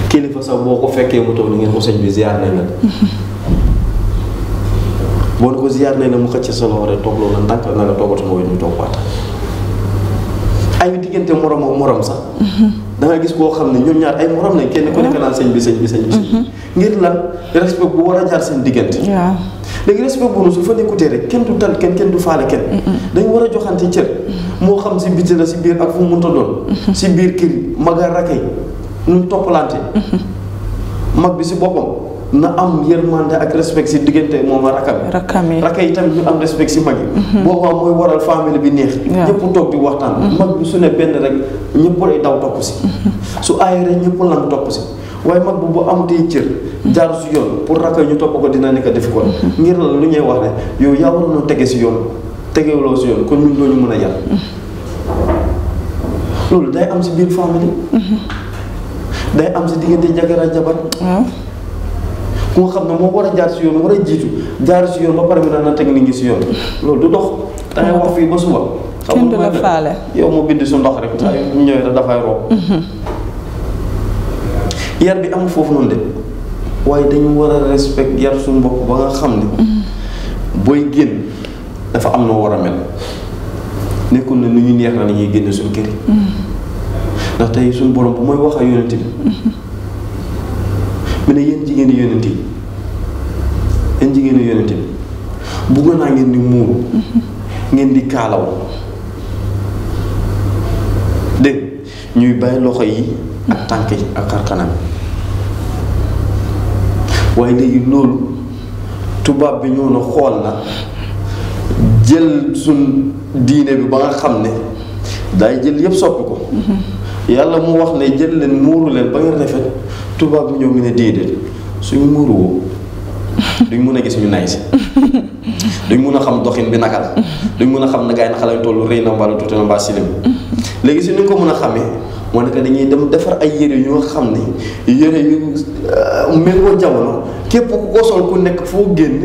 kilifa sax boo ko fekkee mu toog ni ngeen ko sëñ bi ziar nañ la. boo ko ziar nañ la mu xëcc sa loxo rek toog loola ndànk na la toogatuma wéy ñu toog waat. ay diggante morom ak morom sax. da nga gis koo xam ne ñoom ñaar ay morom lañ kenn ku nekk naan sëñ bi sëñ bi sëñ bi. Mhm. ngir lan respect bu war a jaar seen diggante. waaw léegi respect boobu su fa nekkutee rek kenn du tal kenn kenn du faale kenn. Mhm. dañu war a joxante cër. Mhm. moo xam si biti la si biir ak fu mu mënta doon. si biir kër yi mag a rakk yi ñu toppalante. mag bi si boppam. na am yermande ak respect ci digënté moma rakam rakam yi ya. rakam ñu am respect ci mag yi mhm. wa moy waral family bi neex ñepp ya. tok di waxtaan mag bu su ne rek ñepp lay daw top si su aay ñepp ñëpp lan topp si waaye mag bu bu amtee cër jaar si yoon pour rakay ñu top ko dina nekk def ko mhm. ngir la lu ñey wax ne yow ya waru ñu tege si yoon tegewuloo ci yoon kon ñu doñu mëna yar mhm. lool day am si biir family day am si digënté jagara jabar ku nga xam ne moo war a jaar si yoon war a jiitu jaar si yoon ba pare mu naan na teg nit ñi si yoon loolu du dox mm-hmm. dangay wax fii ba suba. kenn du la faale yow mu bind su ndox rek. Mm-hmm. saa yu ñëwee rek dafay roob. Mm-hmm. yar bi amul foofu noonu de waaye dañu war a respect yar suñu bopp ba nga xam ne. booy génn dafa am noo war a mel nekkul ne nu ñu neex na ni ñuy génn suñu kër ndax tey suñu borom bu mooy wax ak yonent mu ne yéen jigéenu yonent yi yéen jigéenu yonent bëggoon naa ngeen di muuru ngeen di kaalaw dégg ñuy bàyyi loxo yi ak tànk yi ak xarkanam waaye léegi loolu tubaab bi ñoo xool na jël suñ diine bi ba nga xam ne day jël yépp soppi ko mm-hmm. yàlla mu wax ne jël leen muuru leen ba ngeen rafet tubaab bi ñëw ngi ne déedéet suñu muuruwoo duñ mën a gis ñu nay si duñ mën a xam doxin bi naka la duñ mën a xam na gaa yi naka lañ toll rëy na mbaalu tuuti na mbaa silim léegi si ni ko mën a xamee moo nekk dañuy dem defar ay yére yu nga xam ne yére yu euh, mel woon jamono képp ku ko sol ku nekk foo génn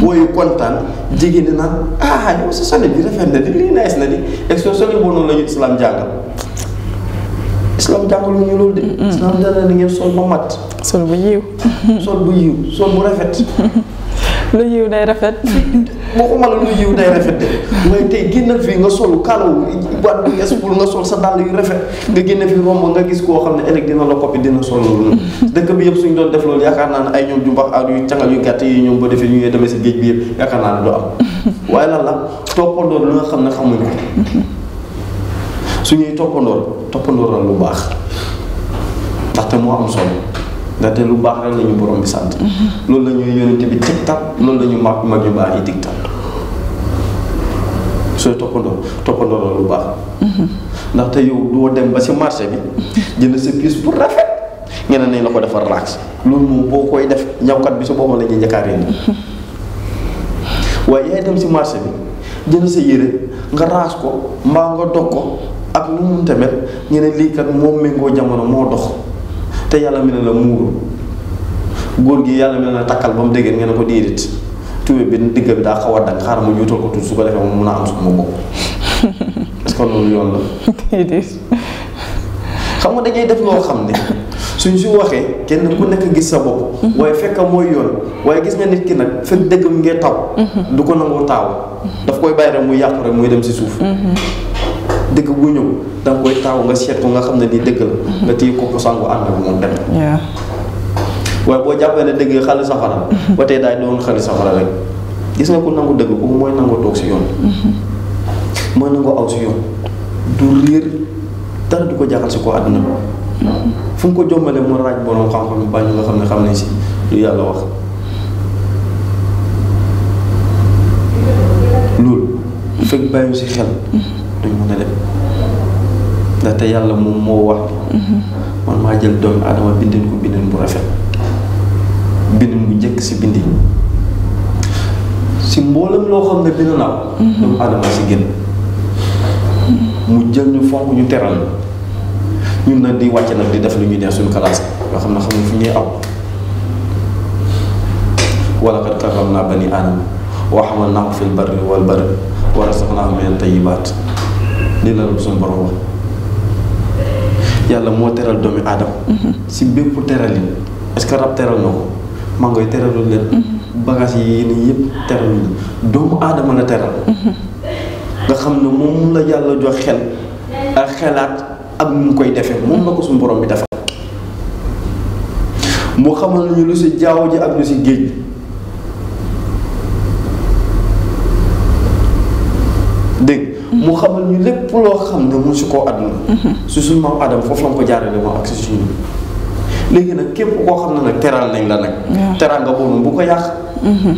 booyu kontaan jigéen di naan ah yow sa sole bi rafet na di lii nees na di expo sole boo noonu la ñu islaam jàngal islam jangul ñu lool de islam da na ngeen sol ba mat sol bu yiw sol bu yiw sol bu rafet lu yiw day rafet waxuma mal lu yiw day rafet de moy tay génnal fi nga sol kalaw wat bu yes pour nga sol sa dal yu rafet nga genn fi romb nga gis ko xamne elek dina la copy dina sol loolu dëkk bi yeb suñ doon def lool yaakar naan ay ñoom ju jumbax ak yu cangal yu gatt yi ñoom bo defee ñu ngay ci geej bi yëpp yaakaar naa ne am waye lan la topal do lu nga xamne xamuñu suñuy toppandoo toppandoo lu bax baax ndaxte mo am solo ndaxte lu bax rek lañu borom bi sante mm-hmm. loolu lañu yoonte bi tik tak loolu lañu mag mag yu baax yi tiktal sooy toppandoo toppandoo lu bax ndax mm-hmm. ndaxte yow doo dem ba ci marché bi mm-hmm. jënd ce pièce pour rafet ngeen nañ la ko defal rax loolu mo bokoy koy def ñawkat bi su boppam la ñuy njëkkaaree waaye yaay dem ci marché bi jënd sa yéré nga raas ko ma nga dog ko ak lu mun tamit ñu lii kat moo méngoo jamono moo dox te yàlla mi ne la muuru góor gi yàlla mi ne la takkal ba mu déggee ngeen ko déedéet tuwe bi digg bi daa xaw a dang xaaral ma juutal ko tuuti su ko defee mu mun a am suma bopp est-ce nga dañuy def loo xam ne suñ su waxee kenn ku nekk gis sa bopp. Mhm. waaye fekk mooy yoon waaye gis nga nit ki nag fekk dëggam ngee taw. Mhm. du ko nangoo taaw. Mhm. daf koy bàyyi rek muy yàqu rek muy dem si suuf. deug bu ñew dang koy taw nga seet ko nga xam ni deug la nga tey ko ko sangu and ak mom dem waaye bo jappé ne deug xali safara ba tey daay doon xali safara rek gis nga ku nangu deug ko moy nangu tok ci yoon mooy nangu aw ci yoon du rir dara du ko jaxal ci ko aduna fu ko jombale mo raaj borom xam-xam yi nga xam ne ci nañ si lu yàlla wax fek bayu ci xel duñ mën a dem ndaxte yàlla moom moo wax ni mhm. man maa jël doomu aadama bindin ko bindin bu rafet bindin bu njëkk si bindin si mboolam loo xam ne bind naa ko mhm. doomu si génn mu jël ñu fonk ñu teral ñun nag di wàcc nag di def lu ñu neex suñu classe yoo xam ne xam ne fu ñuy aw wala qad karramnaa banii aadama wa hamalnaahum fil barri wal bahri wa razaqnaahum min at-tayyibaat lii la suñu borom wax yàlla moo teral doomi aadama mm-hmm. si bépp teral yi est-ce que rab teral na ko mango yi teralul leen mm-hmm. bagage yi yéen yëpp teralul doomu aadama la teral mm-hmm. nga xam ne moom la yàlla jox xel ak xelaat ak mu koy defe moom la ko suñu borom bi defal moo xamal ñu lu si jaww ji ak lu si géej mu xamal ñu lépp loo xam ne si koo àdduna mm-hmm. su suñu maam Adama foofu la ko jaarale moom ak si suñu léegi nag képp ko xam ne nag teral nañ la nag teranga boobu bu ko yàq mm-hmm.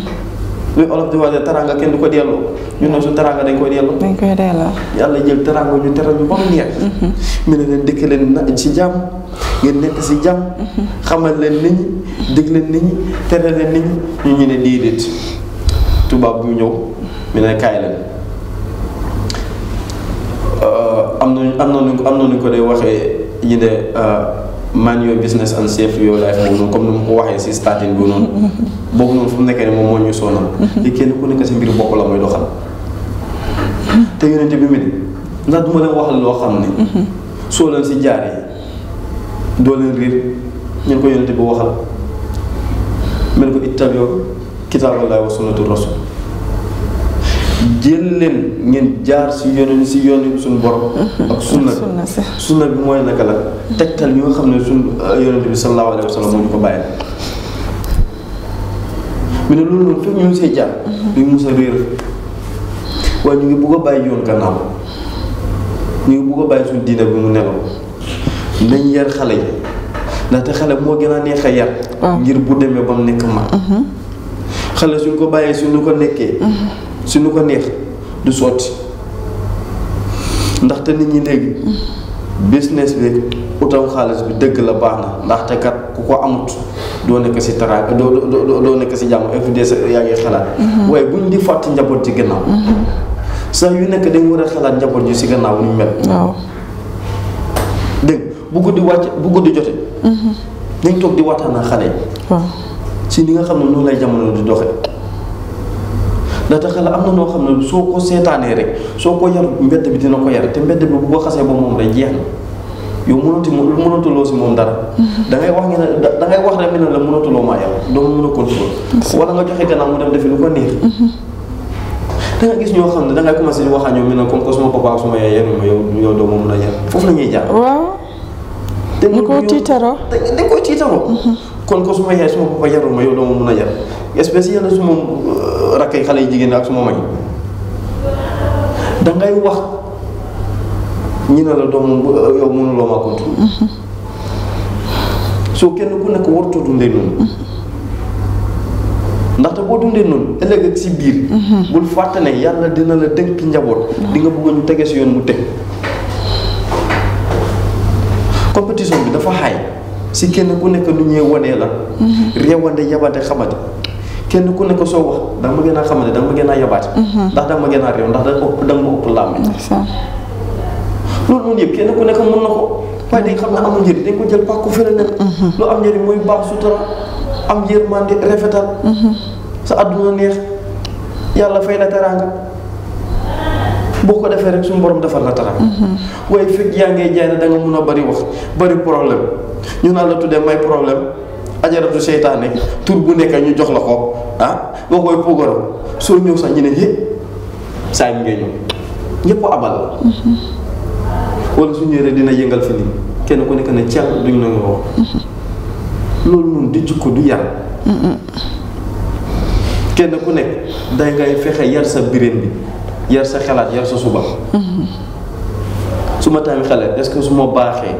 luy olof di waxee teranga kenn du ko delloo ñu ne su teranga dañ koy delloo yàlla jël teranga ñu teral ñu ba mu neex mu mm-hmm. ne leen dëkk leen na ci jàmm ngeen nekk si jàmm xamal leen nit ñi dégg leen nit ñi teral ñu ñu ne déedéet tubaab bu ñëw mu ne kaay leen noonu am noonu am noonu ko day waxee ñi ne man your business and save your life boobu noonu comme ni mu ko waxee si starting bi noonu mm-hmm. boobu noonu fu mu nekkee ne moom moo ñu sonal mm-hmm. li kenn ku nekk si mbir bopp la mooy doxal mm-hmm. te yonent bi mu ne ndax duma leen waxal loo xam ne soo leen si jaaree doo leen riir ñu ko yonent bi waxal mel ko ittabi'u kitaaballahi wa sunnatu rasul jël leen ngeen jaar si yoonu si yoonu suñu borom. Mhm. ak sunna sunna bi mooy naka la tegtal yi nga xam ne suñu euh, yonent bi sallallahu alayhi wa ko bàyyi ne loolu ñu ngi see jaar. Mhm. duñ waaye ñu ngi bugg a bàyyi yoon gannaaw ñu ngi bugg a bàyyi suñu diina bi mu nelaw nañ yar xale yi ndaxte xale moo gën a neex yar. ngir bu demee ba mu nekk ma mhm. xale suñ ko bàyyee suñu ko nekkee. si lu ko neex du sotti ndaxte nit ñi léegi business bi utam xaalis bi dëgg la baax na ndaxte kat ku ko amut doo nekk si taraanga doo doo doo nekk si jàmm infidèles yaa ngi xalaat. Mhm. waaye buñ di fàtt njaboot ci gannaaw. Mhm. saa yu nekk dañ war a xalaat njaboot yu si gannaaw ñu mel. waaw dégg bu guddi wàcc bu guddi jote. Mhm. nañ toog di waxtaan ak xale yi. waaw si ni nga xam ne noonu lay jamono di doxee. ndaxte xale am na noo xam ne soo ko seetaanee rek soo ko yar mbedd bi dina ko yar te mbedd bi bu ko xasee ba moom rek jeex na yow mënatu mënatuloo si moom da mm-hmm. ngay wax ne da ngay wax rek ne la mënatuloo maa a contrôle. wala nga joxe gannaaw mu dem defi lu ko neex. Mm-hmm. da nga gis ñoo xam ne da ngay wax ak ñoom ñu ne comme que suma papa suma a yar foofu la ñuy jaar. te ñu ko tiitaroo. dañ ko tiitaroo. Mm-hmm. kon ko suma yaay suma papa yarul ma yow doo ma mën a yar. spécial la suma euh, rakk yi xale yi jigéen euh, mm-hmm. kenn ku nekk warutoo dundee noonu mm-hmm. ndaxte boo mm-hmm. yàlla dina la dënk njaboot di nga bëgg ñu tege si yoon mu teg compétition bi dafa xaay si kenn ku nekk nu ñuy wanee la réewande yabante xamante kenn ku ko so wax da nga ma gën xamane da nga ma gën yabaat ndax da nga ma gën a ndax da nga da nga ma ëpp làmmiñ loolu noonu kenn ku nekk mën mhm. na ko waaye xam ne amul dañ ko jël pàkku feneen lu am ñëri moy baax tara am mandi refetal mhm. sa aduna neex yalla fay la teraanga boo ko defee rek suñu borom defal la teraanga mhm. way fek ya ngay jaay ne da nga mëna bari wax bari problème ñu na la tuddee may problème ajaratu seytaane tur bu nekk ñu jox la ko ah boo koy pogoro soo ñëw sax ñu ne yé saa ngi abal la mm-hmm. wala su ñëwee dina yëngal fi nii kenn ku nekk ne cel duñ la nga wax mm-hmm. loolu di jukko du yar mm-hmm. kenn ku nekk day ngay fexe yar sa birin bi yar sa xalaat yar sa suba su ma taami xale est ce que su ma baaxee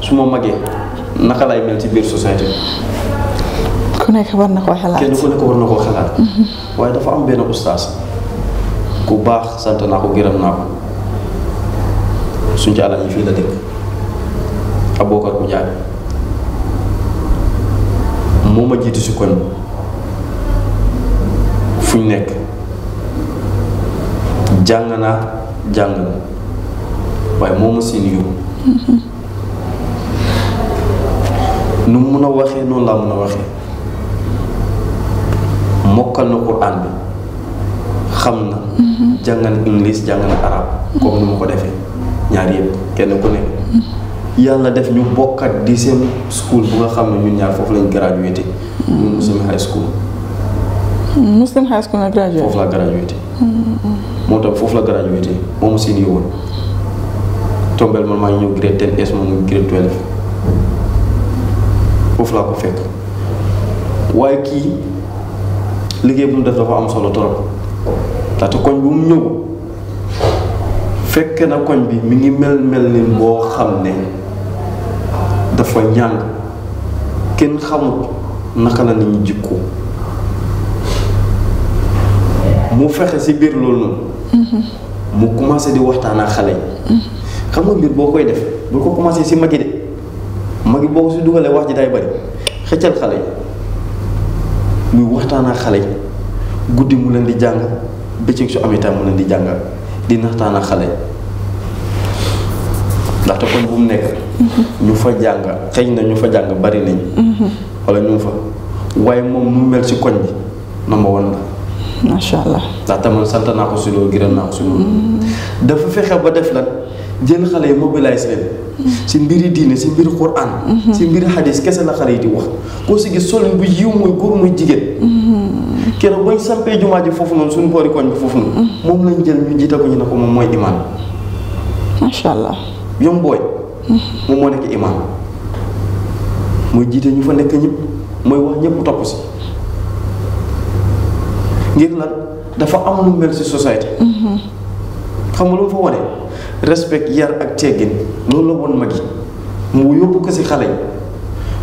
su ma mel ci biir société nekk war na koo xalaat kenn ku nekk war na koo xalaat. Mm-hmm. waaye dafa am benn ustaas ku baax sant naa ko gërëm naa ko suñ ci àll yi fii la dëkk Aboubacar bu Njaay moo ma jiitu si koñ fu ñu nekk jàng naa jàng na waaye moo ma seen yow mm-hmm. nu mun a waxee noonu laa mun a waxee. mokkal na Qur'an bi xam na. jàng na English jàng na arab comme ni ma ko defee ñaar yëpp kenn ku nekk. yàlla def ñu bokkat di seen school bu nga xam ne ñun ñaar foofu lañ graduaté. ñun Muslim High la graduaté mm-hmm. moo tax foofu la graduaté moomu si nii woon. tombeel man maa ngi ñëw grade 10 moom mu grade 12 foofu laa ko fekk waaye kii. liggéey bu mu def dafa am solo trop ndaxte koñ bu mu ñëw fekke na koñ bi mi ngi mel mel ni boo xam ne dafa ñàng kenn xamut naka la nit ñi jikko mu fexe si biir loolu mm-hmm. mu commencé di waxtaanaa ak xale yi mm-hmm. xam nga mbir boo koy def bul ko commencé si magi de magi boo si dugalee wax ji day bari xëccal xale yi muy waxtaan ak xale guddi mu leen di jàng bëccëg su amee tam mu leen di jàngal di naxtaan ak xale ndaxte kon bu mu nekk. Mhm. ñu fa jàng xëy na ñu fa jàng bari nañ. Mhm. wala ñu fa waaye moom mu mel si koñ bi number one la. macha allah ndaxte man sant naa ko si loolu gërëm naa ko si loolu. Mhm. dafa fexe ba def la jël xale yi mobiliser leen. si mbiri diine si mbiri Qur'an. si mbiri hadis kese la xale yi di wax koo si gis solin bu yiw muy góor muy jigéen. keroog bañ sampee jumaa ji foofu noonu suñu boori koñ bi foofu noonu. moom lañ jël ñu jiite ñu ne ko moom mooy imaam. macha allah. yom booy. ñu fa nekk ñëpp mooy wax ñëpp topp si. ngir lan dafa am lu mel si société. Mhm. xam lu mu fa wane. respect yar ak teggin loolu la woon mag yi mu yóbbu ko si xale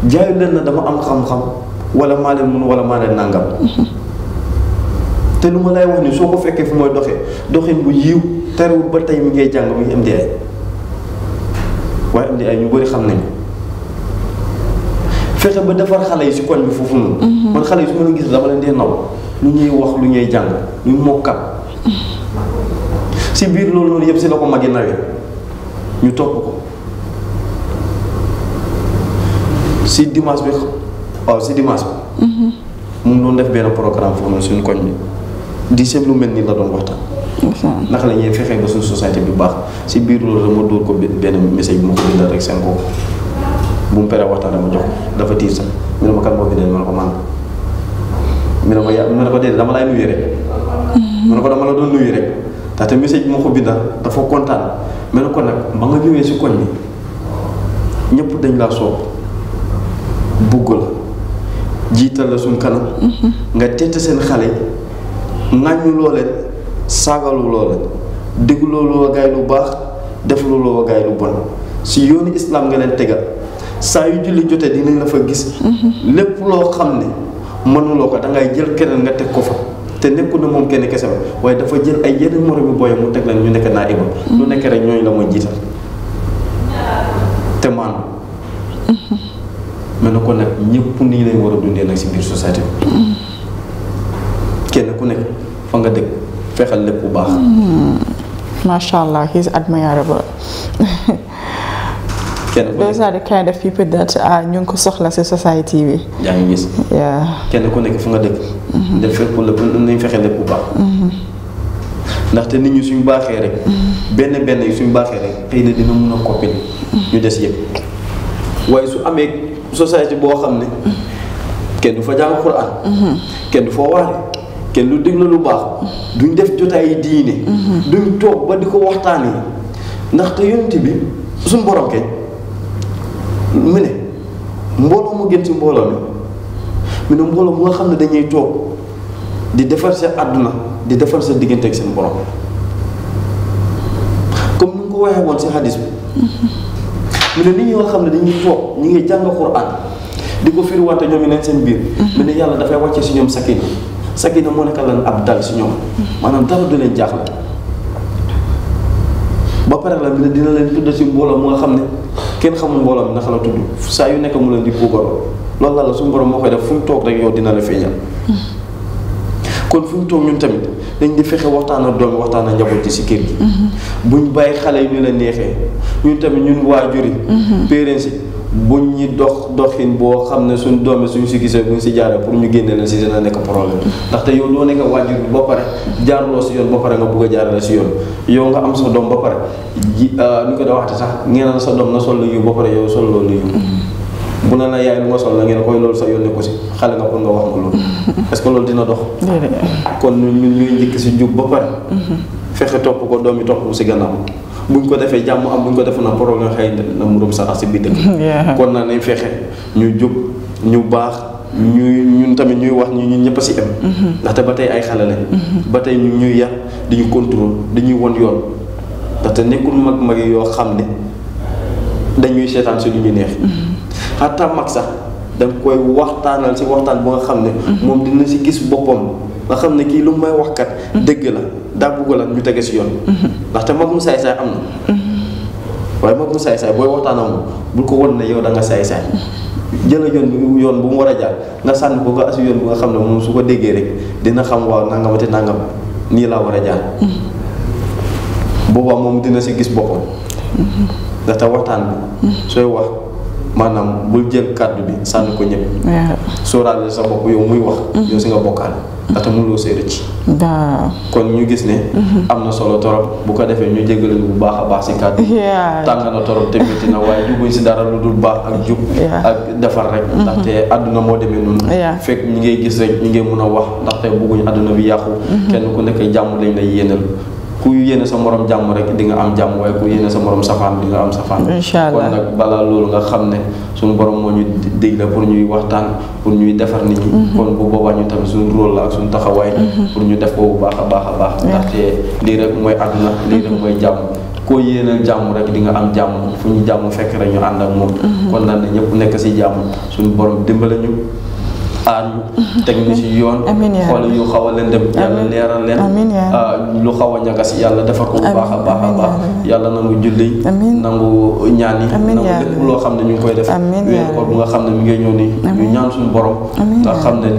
yi leen na dama am xam-xam wala maa leen mun wala maa leen nàngam te lu ma lay wax ni soo ko fekkee fi mooy doxee doxin bu yiiw terewul ba tey mi ngay jàng mi ngi MDI waaye MDI ñu bëri xam nañu fexe ba defar xale yi si koñ bi foofu noonu mm-hmm. man xale yi su ma la gis dama leen dee naw lu ñuy wax lu ñuy jàng lu mokkal si biir loolu loolu yëpp si la ko mag yi nawee ñu topp ko si dimaas bi waaw si dimanche bi. Mm-hmm. mu doon def benn programme foofu noonu suñu koñ bi di seet lu mel nii la doon waxtaan. ndax la ñuy fexee ba suñu société bi baax si biir loolu la ma ko benn message bi ma ko bindal rek seen kooku bu mu peree waxtaan dama jox dafa tiir sax mu ne ma kan moo fi dee ko man dama lay nuyu rek. Mm-hmm. mu ne ko dama la doon nuyu rek. ndaxte message bi ma ko bindal dafa kontaan mel ko nag ba nga ñëwee si koñ bi ñépp dañ laa soob bugg la jiital la suñ kanam mm-hmm. nga tette seen xale ŋàññu loo leen saagalu loo leen dégloo loo lu baax def loo gaay lu bon si yoonu islam nga leen tegal saa yu julli jotee dinañ la fa gis mm-hmm. lépp loo xam ne mënuloo ko dangay jël keneen nga teg ko fa te nekkul na moom kenn kese waaye dafa jël ay yeneen moromu booyam mu teg leen ñu nekk naa iba lu nekk rek ñooñu la mooy jiital te maanaam. mel na ko nag ñëpp nii lañ war a dundee nag si biir société bi. kenn ku nekk fa nga dëkk fexal lépp bu baax. Hmm. macha allah he's admirable. kenn ku nekk those are the kind of people that uh, ñu ngi ko soxla si society bi. yaa ngi gis. kenn ku nekk fu nga dëkk. def fépp lépp nañ fexe lépp bu baax. ndaxte nit ñi suñu baaxee rek. benn benn yi suñu baaxee rek xëy na dina mun a coppil ñu des yëpp waaye su amee société boo xam ne. kenn du fa jàng Alxuraan. kenn du fa waare kenn du déglu lu baax. duñ def jotaayu diine. duñ toog ba di ko waxtaanee ndaxte yonent bi suñu borom kay mu ne mbooloo mu gën ci mbooloo mi. mu ne mbooloo mu nga xam ne dañuy toog di defar sa àdduna di defar sa diggante ak seen borom comme ni nga ko waxee woon si hadis bi mm-hmm. mu ne nit ñi nga xam ne dañuy toog ñi ngi jàng Quran di ko firiwaate ñoom i neen seen biir mm-hmm. mu ne yàlla dafay wàcce si ñoom sakina sakina moo nekk lan ab dal si ñoom mm-hmm. maanaam dara du leen jaaxle ba pare la mu ne dina leen tudd si mbooloo mu nga xam ne kenn xamul mbooloo mi naka la tudd saa yu nekk mu leen di buugaroo loolu la la suñu borom moo koy def fu mu toog rek yow dina la feeñal kon fu mu toog ñun tamit dañ di fexe waxtaan ak doom waxtaan ak njaboot ci si kër gi buñ bàyyi xale yi ñu la neexee ñun tamit ñun waajur yi parents yi buñ dox doxin boo xam ne suñ doome suñ si gisee buñ si jaaree pour ñu génne leen si dina nekk problème ndaxte yow loo nekk waajur bi ba pare jaaruloo si yoon ba pare nga bugg a jaarale si yoon yow nga am sa doom ba pare ji ñu ah, ko da sax ngeenaan sa doom na sol lu yiw pare yow sol loolu bu na la yaay lu ma sol la ngeen koy loolu sa yónne ko si xale nga pour nga wax ma loolu mm-hmm. est ce que loolu dina dox kon ñu ñu njëkk si njub ba pare mm-hmm. fexe topp ko doomi topp si gannaaw buñ ko defee jàmm am buñ ko defu na nga xëy na mu rum sarax si biir dëkk kon na nañ fexe ñu jub ñu baax ñu ñun tamit ñuy wax ñu ñun ñëpp ci am mm-hmm. ndaxte ba tey ay xale lañ ba tey ñu ñuy yar ñu contrôle ñuy won yoon ndaxte nekkul mag mag yoo xam ne dañuy seetaan suñu ñu neex hatta mak sax dang koy waxtanal ci waxtan bu nga xamne mom mhm. dina ci gis bopom nga xamne ki lu may wax kat mhm. deug la daa la ñu tege ci yoon mhm. ndaxte mag mu saay say amna na mak mag mu saay saay booy waxtaanam bul ko won ne yow da nga say say jeul yoon bu yoon bu mu wara jaar nga sann ko ko asu yoon bu nga xamne mom su ko dege rek dina xam wa nangam te nangam ni la wara jaar boobaa mom dina ci gis bopom ndaxte waxtaan waxtan soy wax maanaam bul jël kàddu bi sànni ko ñëpp. waaw sa bopp yow muy wax. Mm-hmm. yow si nga bokkaale. Mm-hmm. ndaxte mënuloo see rëcc. waaw kon ñu gis ne. Mm-hmm. am na solo torop bu ko defee ñu jégalu bu baax a baax si kàddu. waaw tàng na torop te métti na waaye jubuñ si dara lu dul baax ak jub. ak defar rek. ndaxte àdduna moo demee noonu. fekk ñu ngay gis rek ñu ngay mën a wax ndaxte bëgguñ àdduna bi yàqu. kenn ku nekk jàmm lañ lay yéenal. ku yéene sa moroom jàmm rek di nga am jàmm waaye ku yéene sa morom safaan di nga am safaan kon nag balaa loolu nga xam ne suñu borom moo ñu dig la pour ñuy waxtaan pour ñuy defar nit ñi mhm. kon bu boobaa ñu tamit suñu rôle la ak suñu taxawaay mhm. pour ñu def ko bu baax a baax a baax ndaxte lii rek mooy àdduna lii rek mhm. mooy jàmm koo yéenal jàmm rek di nga am jàmm fu ñu jàmm fekk rek ñu ànd ak moom kon ne ñëpp nekk si jàmm suñ borom dimbale ñu aar ñu teg ñu ci yoon xool yu xaw a leen dem yàlla leeral leen ah, lu xaw a ñagas yàlla defar ko bu baax a baax a baax yàlla nangu julli nangu ñaan nangu lépp loo xam ne ñu ngi koy def wéeru koor bu xam ne mi ngay ñëw ni ñu ñaan suñu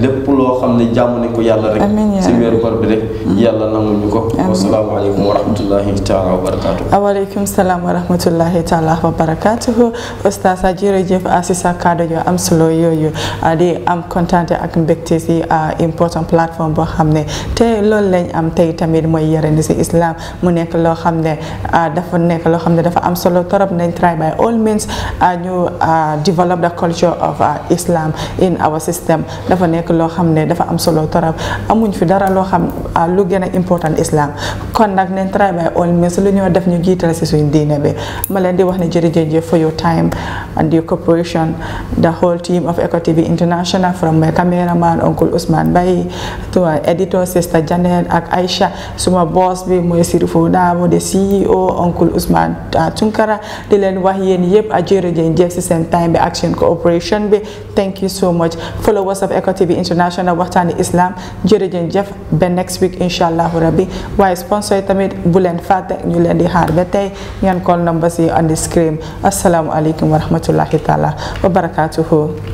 lépp loo xam ne jàmm nañ ko yàlla rek mm-hmm. nangu ñu ko wasalaamaaleykum wa rahmatullahi taala wa barakaatu waaleykum salaam wa rahmatullahi wa barakaatu oustaz jërëjëf Asisa kaddu yu am solo yooyu ah, di am kontaan kontaante ak mbégte si important plateforme boo xam ne te loolu lañ am tey tamit mooy yarandi si islam mu nekk loo xam ne dafa nekk loo xam ne dafa am solo torop nañ try by all means ñu develop the culture of islam in our system dafa nekk loo xam ne dafa am solo torop amuñ fi dara loo xam a lu gën a important islam kon nag nañ try by all means lu ñoo def ñu jiital si suñ diine bi ma leen di wax ne jërëjëf for your time and your cooperation the whole team of EcoTV International from my cameraman uncle Usman Bay to uh, editor sister Janet ak Aisha suma boss bi mooy Sirifo mo de CEO uncle Usman Tunkara uh, di len wax yéen yëpp a jere jëf si sen time bi action cooperation bi thank you so much us of Eco TV International waxtaani islam jen Jeff ba next week inshallah rabbi waaye sponsor tamit bu len fàtte ñu len di xaar ba tay ñan call number si on the screen assalamu alaikum warahmatullahi taala wa barakatuhu